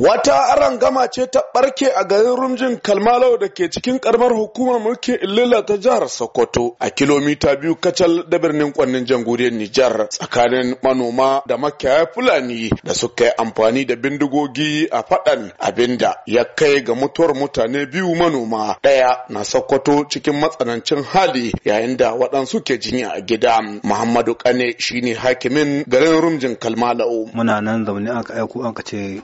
Wata gama ce ta barke a garin Rumjin Kalmalau da ke cikin karamar hukumar mulkin Illila ta jihar Sokoto a kilomita biyu kacal da birnin kwannin jamhuriyar Nijar tsakanin manoma da makiyaya Fulani da suka yi amfani da bindigogi a faɗan abinda ya kai ga mutuwar mutane biyu manoma ɗaya na Sokoto cikin matsanancin hali yayin da waɗansu ke jinya a gida. Muhammadu Kane shine hakimin garin Rumjin Kalmalau. Muna nan zaune aka aiko aka ce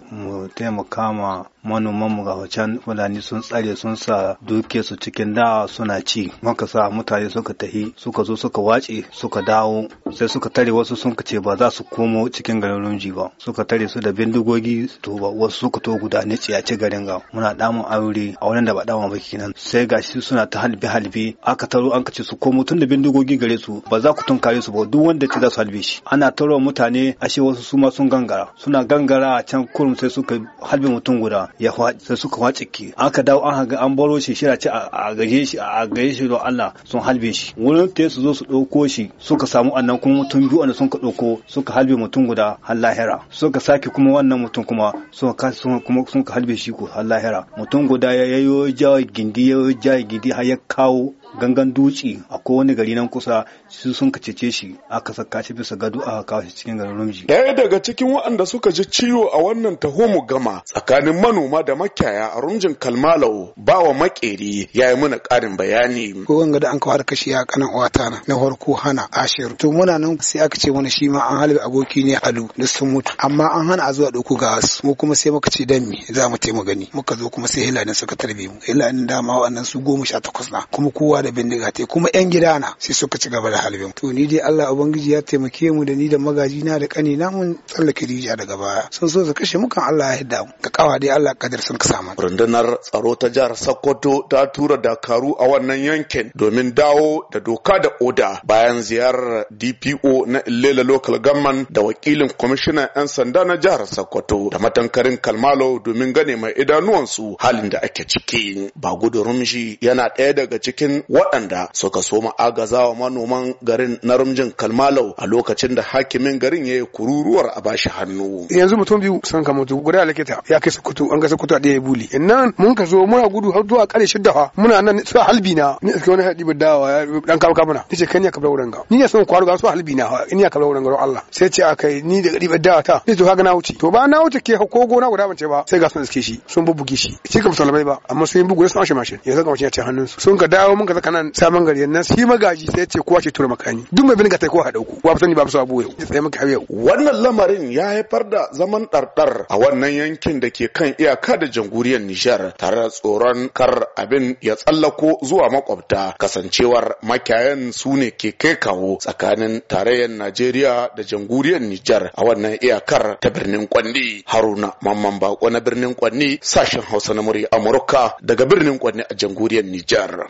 taimaka ma manoman mu wacan fulani sun tsare sun sa duke su cikin da suna ci maka sa mutane suka tahi suka zo suka wace suka dawo sai suka tare wasu sun ce ba za su komo cikin garin runji ba suka tare su da bindigogi to ba wasu suka to guda ne ci garin ga muna damun aure a wurin da ba dama ba kenan sai gashi suna ta halbe halbe aka taro an kace su komo tun da bindigogi gare su ba za ku tunkare su ba duk wanda ce za su halbe shi ana taro mutane ashe wasu su ma sun gangara suna gangara a can kurum sai suka halbe mutum guda ya sai suka wace ki aka dawo an ga an baro shi shira ce a gaje shi a gaje shi don Allah sun halbe shi wurin ta su zo su ɗauko shi suka samu annan kuma mutum biyu wanda suka ɗauko suka halbe mutum guda har lahira suka sake kuma wannan mutum kuma suka kasi kuma suka halbe shi ko har lahira mutum guda ya yayo jawo gindi ya jawo gindi har ya kawo gangan dutse a Ko wani gari nan kusa su sun kacece shi aka saka shi bisa gado a kawo shi cikin garin rumji daya daga cikin waɗanda suka ji ciwo a wannan taho gama tsakanin manoma da makiyaya a rumjin kalmalau bawa makeri ya yi mana ƙarin bayani ko wanga da an kawo kashi ya kanan uwata na na farko hana ashir. to muna nan sai aka ce mana shi ma an halbe aboki ne alu da sun mutu amma an hana a zuwa ɗauko ga wasu mu kuma sai muka ce dan me za mu taimu gani muka zo kuma sai hilanin suka tarbe mu hilanin dama waɗannan su goma sha takwas na kuma kowa da bindiga te kuma yan gidana sai suka ci gaba da halbin to ni dai Allah ubangiji ya taimake mu da ni da magaji na da kani na mun tsallake rijiya daga baya sun so su kashe mu kan Allah ya hidda mu ka kawa dai Allah kadar sun kasa mu rundunar tsaro ta jihar Sokoto ta tura dakaru a wannan yankin domin dawo da doka da oda bayan ziyarar DPO na Ilela Local Government da wakilin kwamishinan 'yan sanda na jihar Sokoto da matankarin Kalmalo domin gane mai idanuwansu halin da ake ciki. Bagudu Rumshi yana ɗaya daga cikin waɗanda suka so kuma agazawa manoman garin na rumjin kalmalau a lokacin da hakimin garin ya yi kururuwar a bashi hannu yanzu mutum biyu san kama mutu guda likita ya kai sakutu an ga sakutu a ɗaya ya buli nan mun ka zo muna gudu har zuwa ƙarshe shidda fa muna nan su halbi na ni iske wani haɗi dawa dan kawo ka ni ce kan ya kabla wurin ga ni ne son kwaro ga su halbi na in ya kabla wurin ga Allah sai ce akai ni da ɗibar dawa ta ni to kaga na wuce to ba na wuce ke ko gona guda ban ce ba sai ga sun iske shi sun bubbuge shi shi ka musulmai ba amma sun bugu sun ashe mashin yanzu ga mashin ya ce hannun su sun ka dawo mun ka zaka nan saman gari nan shi magaji sai ce kowa ce tura makami duk mai bindiga ta kowa ha dauku ba sani ba su abu yau sai muka yau wannan lamarin ya haifar da zaman ɗarɗar a wannan yankin da ke kan iyaka da jamhuriyar Nijar tare da tsoron kar abin ya tsallako zuwa makwabta kasancewar makiyayan su ne ke kai kawo tsakanin tarayyar Najeriya da jamhuriyar Nijar a wannan iyakar ta birnin Kwandi Haruna Mamman Bako na birnin Kwandi sashen Hausa na murya Amurka daga birnin Kwandi a jamhuriyar Nijar